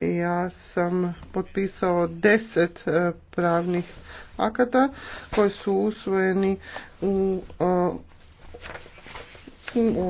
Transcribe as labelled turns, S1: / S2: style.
S1: ja sam potpisao deset e, pravnih akata
S2: koji su usvojeni u, e,